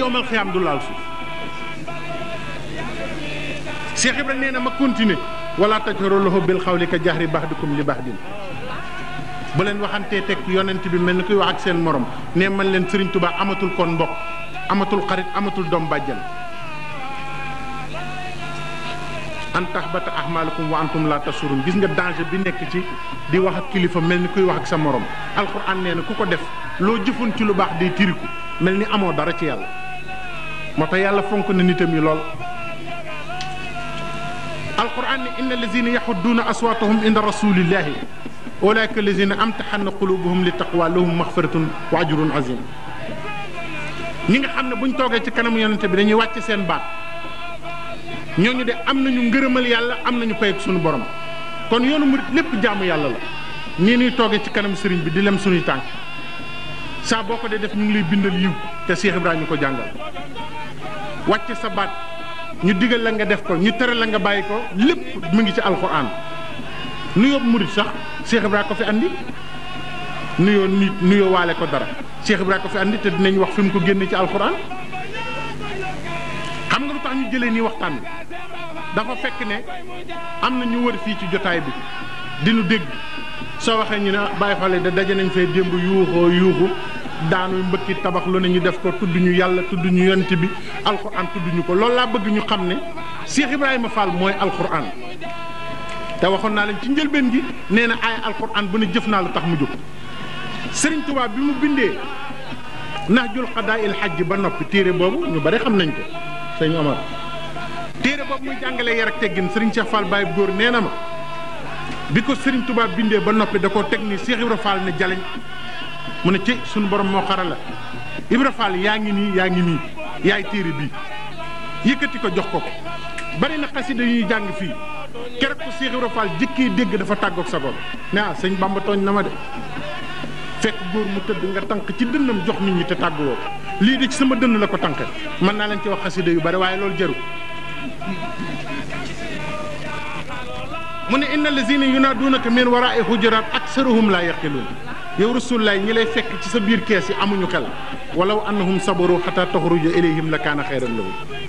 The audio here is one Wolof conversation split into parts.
yoomal xiyaam du laal suuf Cheikh Ibra nee na ma continuer wala tajharu lahu bil xawli ka jahri baxdikum li baxdin bu leen waxantee teg yonent bi mel ni kuy wax ak seen morom ne man leen Serigne Touba amatul kon mbokk amatul xarit amatul doom bàjjan an tahbata ahmaalukum wa antum la tasurun gis nga danger bi nekk ci di wax ak kilifa mel ni kuy wax ak sa morom alxuraan nee ku ko def loo jëfoon ci lu baax day tiriku mel ni amoo dara ci yàlla moo tax yàlla fonk na nitam yi lool alquran ne inna allazina yaxudduuna aswaatahum inda rasulillahi am allazina amtaxanna qulubuhum li taqwa lahum maxfiratun wa ajrun azim ñi nga xam ne buñ toogee ci kanamu yonente bi dañuy wàcc seen baat ñooñu de am nañu ngërëmal yàlla am nañu payeg suñu borom kon yoonu murit lépp jaamu yàlla la nii nuy toogee ci kanam sëriñ bi di lem suñuy tànk saa boo ko dee def ñu ngi lay bindal yiw te Cheikh ñu ko jàngal wàcc sa baat ñu digal la nga def ko ñu tere la nga bàyyi ko lépp mu ngi ci alxuraan nuyoo murit sax Cheikh Ibra ko fi àndi nuyoo nit nuyoo waale ko dara Cheikh Ibra ko fi andi te dinañ wax fi mu ko génne ci alxuraan xam nga lu tax ñu jëlee nii waxtaan bi dafa fekk ne am na ñu wër fii ci jotaay bi di nu dégg soo waxee ñu ne ah, Baay Faal da daje nañ fee démb yuuxoo yuuxu daanuy mbëkki tabax lu ne ñu def ko tudd ñu yàlla tudd ñu yonent bi alxuraan tudd ñu ko lool laa bëgg ñu xam ne Cheikh Ibrahima Fall mooy alxuraan te waxoon naa leen ci njëlbeen gi nee na aaya alxuraan bu ne jëf naa la tax mu jóg sëriñ Touba bi mu bindee Nahjul Qadaa'il Hajj ba noppi téere boobu ñu bari xam nañ ko sëñ Omar téere boobu muy jàngale yar ak teggin Serigne Cheikh Fall Baye góor nee na ma bi ko sëriñ Touba bindee ba noppi da koo teg ni Cheikh ne jaleñ mu ne ci suñu borom moo xara la yaa ngi nii yaa ngi nii yaay téere bii yëkkati ko jox ko ko bari na xasida yu jàng fii keroog ko Cheikh Ibra Fall dégg dafa tàggoog sa bopp ne a ah, sëñ Bamba tooñ na ma de fekk góor mu tëdd nga tànk ci dënnam jox nit ñi te tàgguwoo lii de ci sama dënn la ko tànk mën naa leen ci wax xasida yu bari waaye loolu jaru mu ne yu inna lazina yunaadunaka min waraai xujuraat aksaruhum laa yaqiluun yow rasulullah ñi lay fekk ci sa biir kees yi amuñu xel walaw annahum sabaru xata taxruja ilayhim la kaana xayran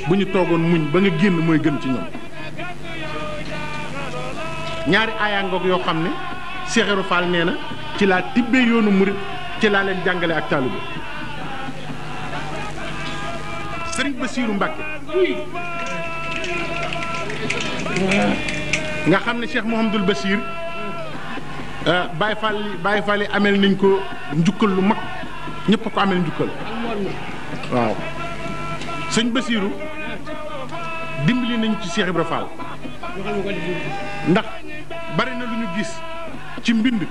bu ñu toogoon muñ ba nga génn mooy gën ci ñoom ñaari aayaangoog yoo xam ne Seexeru Faal nee na ci laa tibbee yoonu murit ci laa leen jàngale ak taalibe sëriñ Basiiru Mbàkke nga xam ne Cheikh Mouhamadul Basir Euh, Baye Fall Baye Fall yi ameel nañ ko njukkal lu mag ñépp ko ameel njukkal waaw sëñ Basiiru dimbali nañ ci Cheikh Ibra ndax bari na lu ñu gis ci mbind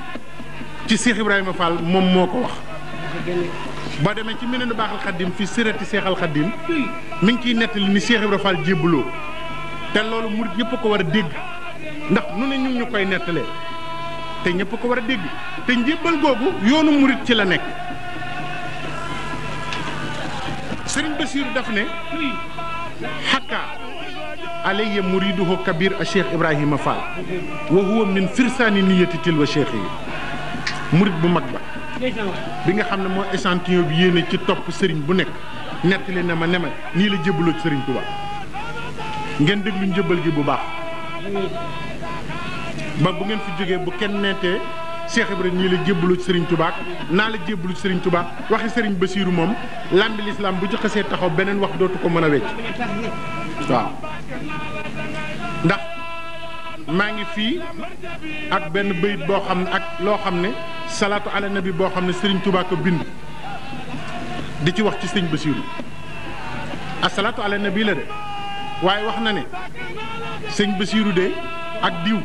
ci Cheikh Ibrahima Fall moom moo ko wax boo demee ci meneen baaxal xaddim fi sérati seexal xaddim mi ngi ciy nettali ni Cheikh Ibra Fall jébbaloo te loolu murit yëpp ko war a dégg ndax nu ne ñu ñu koy nettalee te ñëpp ko war a dégg te njébbal googu yoonu murit ci la nekk sëriñ Basiir daf ne xakka alayya muriduhu kabir a cheikh ibrahima fall wa huwa min firsaani niyati tilwa cheikh yi murit bu mag ba bi nga xam ne moo échantillon bi yéene ci topp sëriñ bu nekk nettali na ma ne ma nii la jébbaloo ci sëriñ Tuubaa ngeen déglu njëbbal gi bu baax ba bu ngeen fi jógee bu kenn neetee Cheikh Ibrahima ñii la jébbalu sëriñ Touba naa la jébbalu Serigne Touba waxe sëriñ Bassirou moom làmbi lislaam bu ci xasee taxaw beneen wax dootu ko mën a wecc ndax maa ngi fii ak benn bayit boo xam ne ak loo xam ne salaatu ala nabi boo xam ne Serigne Touba bind di ci wax ci Serigne Bassirou asalaatu ala nabi la de waaye wax na ne Serigne Bassirou de ak diw.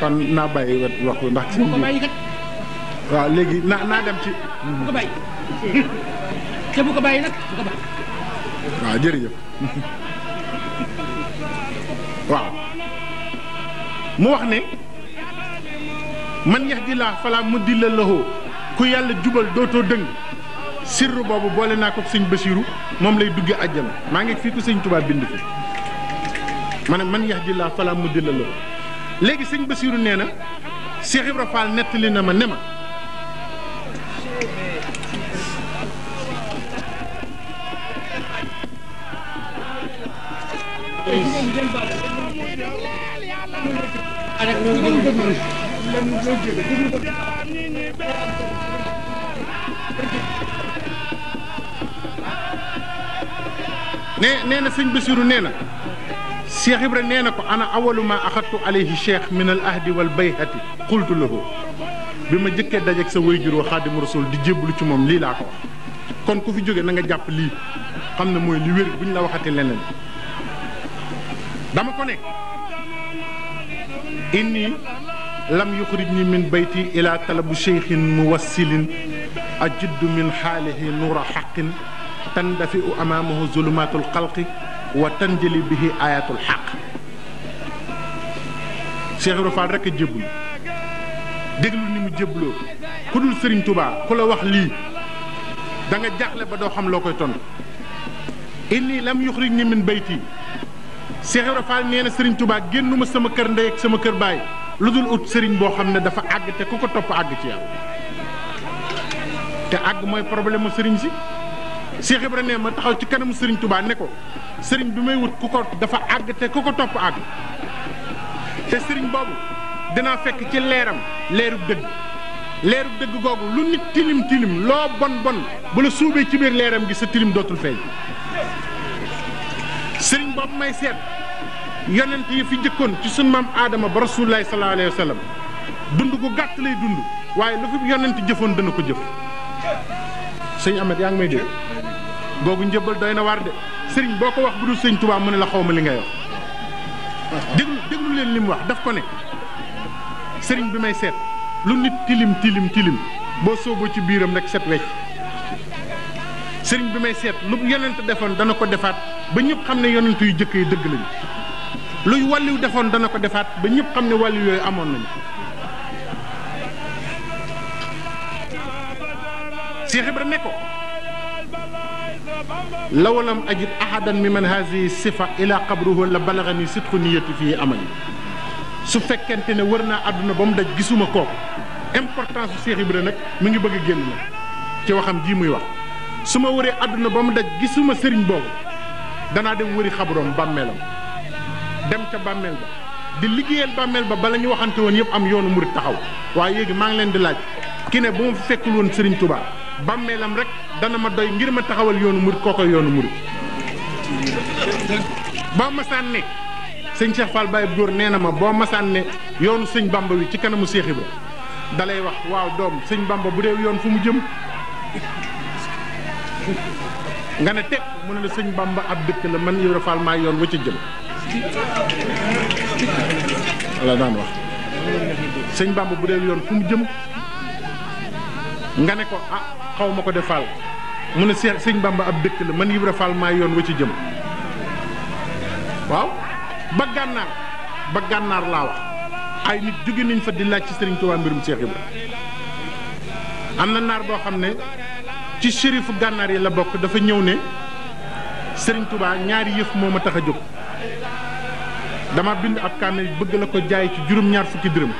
kon naa bàyyi wet wax ndax ci waaw léegi naa naa dem ci. bu ko te bu ko bàyyi nag bu waaw jërëjëf waaw mu wax ne man yax di laa falaa mu di la loxo ku yàlla jubal dootoo dëng sirru boobu boole naa ko sëñ Basiiru moom lay duggee àjjana maa ngi fii ku sëñ Tuubaa bind fi ma man yax di laa falaa mu di la loxo léegi sëñ Basiiru nee na Cheikh Ibra na ma ne ma nee nee na sëñ Basiiru nee na الشيخ ابراهيم نينكو انا اول ما اخذت عليه الشيخ من الاهد والبيهه قلت له بما جيك داجك سا ويجورو خادم الرسول دي جيبلو تي موم لي لا كو كون كوفي جوغي نغا جاب لي خامنا موي لي وير بن لا وخاتي لنن داما كوني اني لم يخرجني من بيتي الى طلب شيخ موصل اجد من حاله نور حق تندفئ امامه ظلمات الخلق وتنجلي به آيات الحق شيخ رفاد رك جبل دغلو ني مو جبلو كودول سيرن توبا كولا واخ لي داغا جاخلي با دو خام لوكاي تون اني لم يخرجني من بيتي شيخ رفاد نينا سيرن توبا генوما سما كير نديك سما كير باي لودول اوت سيرن بو خامنا دا فا اغ تي كوكو توپ اغ تي يال تا اغ موي بروبليم سيرن سي Cheikh Ibra ne ma taxaw ci kanamu Serigne Touba ne ko Serigne bi may wut ku ko dafa àgg te ku ko topp àgg te Serigne boobu dinaa fekk ci leeram leerub dëgg leerub dëgg googu lu nit tilim tilim loo bon bon bu la suubee ci biir leeram gi sa tilim dootul feeñ Serigne boobu may seet yonent yi fi jëkkoon ci sunu maam Aadama ba rasulilah sallallahu alayhi wa dund gu gàtt lay dund waaye lu fi yonent jëfoon dana ko jëf. serigne Ahmed yaa ngi may dégg googu njëbbal doy na war de sëriñ boo ko wax bu dul serigne touba mu ne la xaw ma li ngay wax déglu déglu leen li mu wax daf ko ne sëriñ bi may seet lu nit tilim tilim tilim boo sóoboo ci biiram rek set wecc sëriñ bi may seet lu yonent defoon dana ko defaat ba ñëpp xam ne yonent yu jëkk yi dëgg lañu luy walliw defoon dana ko defaat ba ñëpp xam ne wàlliw yooyu amoon nañu Cheikh Ibra ne ko law lam ajid ahadan mi man hazihi sifa ila qabruhu la balagani sidqu niyati fii amali su fekkente ne wër naa àdduna ba mu daj gisuma kooku importance bu Cheikh Ibra nag mi ngi bëgg a génn nag ci waxam ji muy wax su ma wëree àdduna ba mu daj gisuma sëriñ boobu danaa dem wëri xabroom bàmmeelam dem ca bàmmeel ba di liggéeyal bàmmeel ba bala ñu waxante woon yëpp am yoonu murit taxaw waaye yéegi maa ngi leen di laaj ki ne bu ma fekkul woon sëriñ Tuubaa bàmmeelam rek dana ma doy ngir ma taxawal yoonu murit kookoy yoonu murit boo masaan ne sëñ Cheikh Fall Baye góor nee na ma boo masaan ne yoonu sëñ Bamba wi ci kanamu Cheikh ba dalay wax waaw doom sëñ Bamba bu dee yoon fu mu jëm nga ne teg mu ne sëñ Bamba ab la man Ibra Fall yoon wa ca jëm bu dee yoon fu mu jëm nga ne ko ah xawma ko de mu ne Seex Sëñ ba ab dëkk la man Ibra Fall yoon wa ci jëm waaw ba gànnaar ba gànnaar laa ay nit jóge nañ fa di laaj ci Sëriñ Tuubaa mbirum Seex Ibra am na naar boo xam ne ci shérifu gànnaar yi la bokk dafa ñëw ne Sëriñ Tuubaa ñaari yëf moo ma tax a jóg dama bind ab kaamil bëgg la ko jaay ci juróom-ñaar fukki dërëm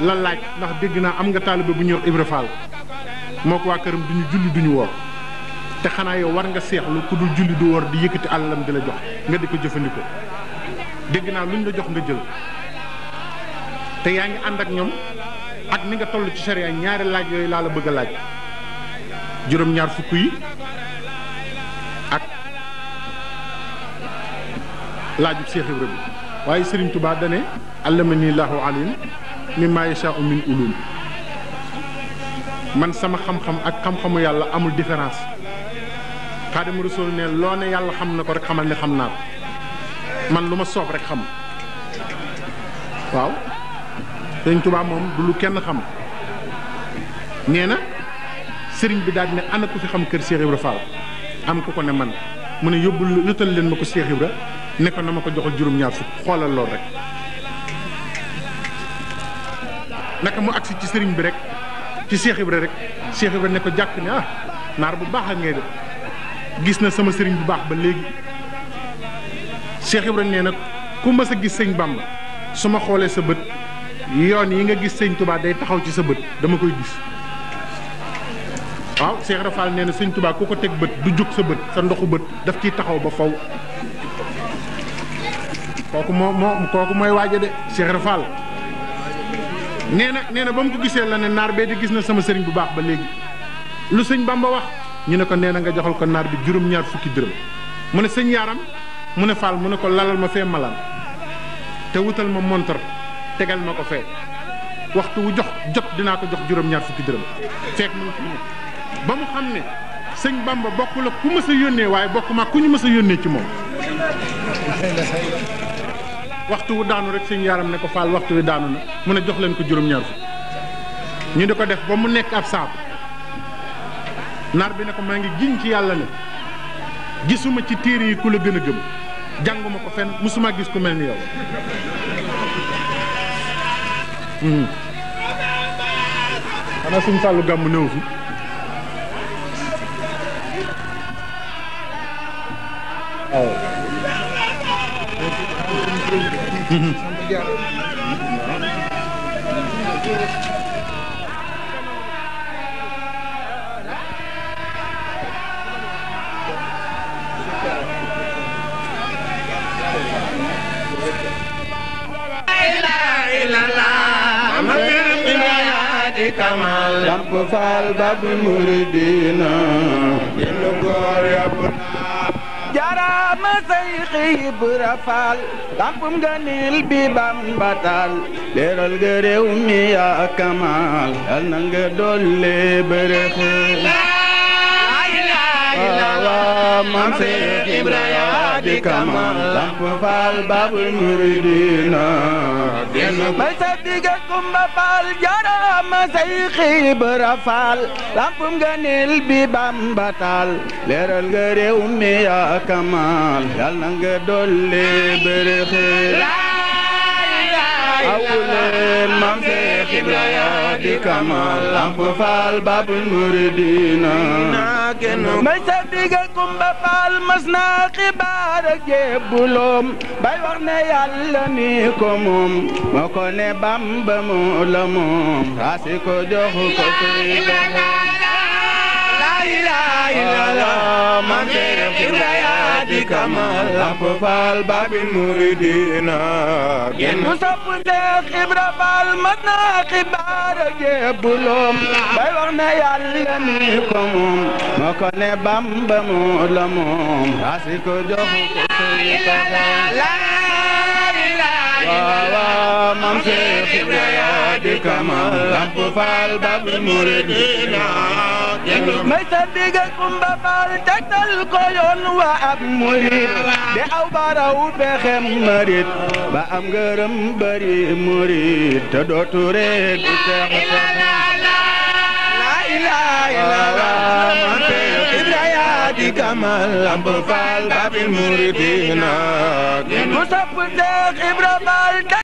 la laaj ndax dégg naa am nga taalibe bu ñëw Ibra Fall moo ko waa këram duñu julli duñu woor te xanaa yow war nga seexlu ku dul julli du woor di yëkkati àllam di la jox nga di ko jëfandikoo dégg naa luñ la jox nga jël te yaa ngi ànd ak ñoom ak ni nga toll ci sharia ñaari laaj yooyu laa la bëgg a laaj juróom-ñaar fukk yi ak laajub Seex Ibra bi waaye Sëriñ Tubaa dane allama nii laahu alim mi mimmaa yashaa'u min ulum man sama xam-xam ak xam-xamu yàlla amul différence xaadimu rasul ne loo ne yàlla xam na ko rek xamal ne xam naa ko man lu ma soob rek xam waaw sëriñ Tuubaa moom du lu kenn xam nee na sëriñ bi daal ne ana ku fi xam kër Cheikh Ibra am ko ko ne man mu ne yóbbu lutal leen ma ko Cheikh Ibra ne na ma ko joxal juróom-ñaar fukk xoolal lool rek naka mu aksi ci serigne bi rek ci cheikh ibra rek cheikh ibra ne ko jàkk ne ah nar bu baax ak ngay def gis na sama serigne bu baax ba legi cheikh ibra ne nak ku ma sa gis serigne bamba suma ma sa beut yoon yi nga gis serigne touba day taxaw ci sa beut dama koy gis waaw cheikh rafal nee na sëñ tubaa ku ko teg bët du juk sa beut sa ndoxu beut daf ci taxaw ba faw koku mo moo kooku mooy de cheikh rafal nee na nee na ba mu ko gisee la ne naar bee di gis na sama sëriñ bu baax ba léegi lu sëñ Bamba wax ñu ne ko nee na nga joxal ko naar bi juróom-ñaar fukki dërëm mu ne sëñ yaaram mu ne faal mu ne ko lalal ma fee malaan te wutal ma montar tegal ma ko fee waxtu wu jox jot dinaa ko jox juróom-ñaar fukki dërëm fekk mu ba mu xam ne sëñ Bamba bokk la ku mës yónnee waaye bokk ku ñu mës a yónnee ci moom waxtu wu daanu rek sëñ yaaram ne ko faal waxtu wi daanu na mu ne jox leen ko juróom-ñaar fukk ñu di ko def ba mu nekk ab saabu naar bi ne ko maa ngi giñ ci yàlla ne gisuma ci téere yi ku la gën a gëm jànguma ko fenn musuma gis ku mel ni yow xanaa hmm. suñ sàllu gàmmu néew fi kamal lamp faal ba bi muridina yenn góor yàpp na jaaraama sayxi Ibra Faal kampum ganil bi Bamba taal leeral ga réew mi yaa kamaal yal na nga dolle bërëxël waaw waaw maam sayxi Ibra di kamal lamp faal babul muridina may sabdiga kumba faal jarama say xiibara faal lampum nga nil bi bamba taal leeral nga réew mi yaa kamal yal na nga dolli bërëxi xiblaya di kamal lamp faal babul muridina may sa digga kumba faal mas naa xibaar ak jébbuloom bay wax ne yàlla mi ko moom moo ko ne bamba mu la moom raasi ko jox ko suy ko moom la ilaha illallah man tere xiblaya di kamal lamp faal babin muridina genn mu sopp Seex Ibra Faal mat na xibaar ak jébbuloom bay wax na yàlla mi ko moom moo ko ne Bamba moo la moom rasi ko jox ko suñu waaw mam Seex Ibra yaa di kamal lamp faal babin muridina may sa digg Kumba Faal tegtal ko wa ab murit de aw baraw pexem marit ba am ngërëm bari murit te dootu reet du seex la ilaha illallah di kamal lamb faal babil muridina ku sopp Seex Ibra Faal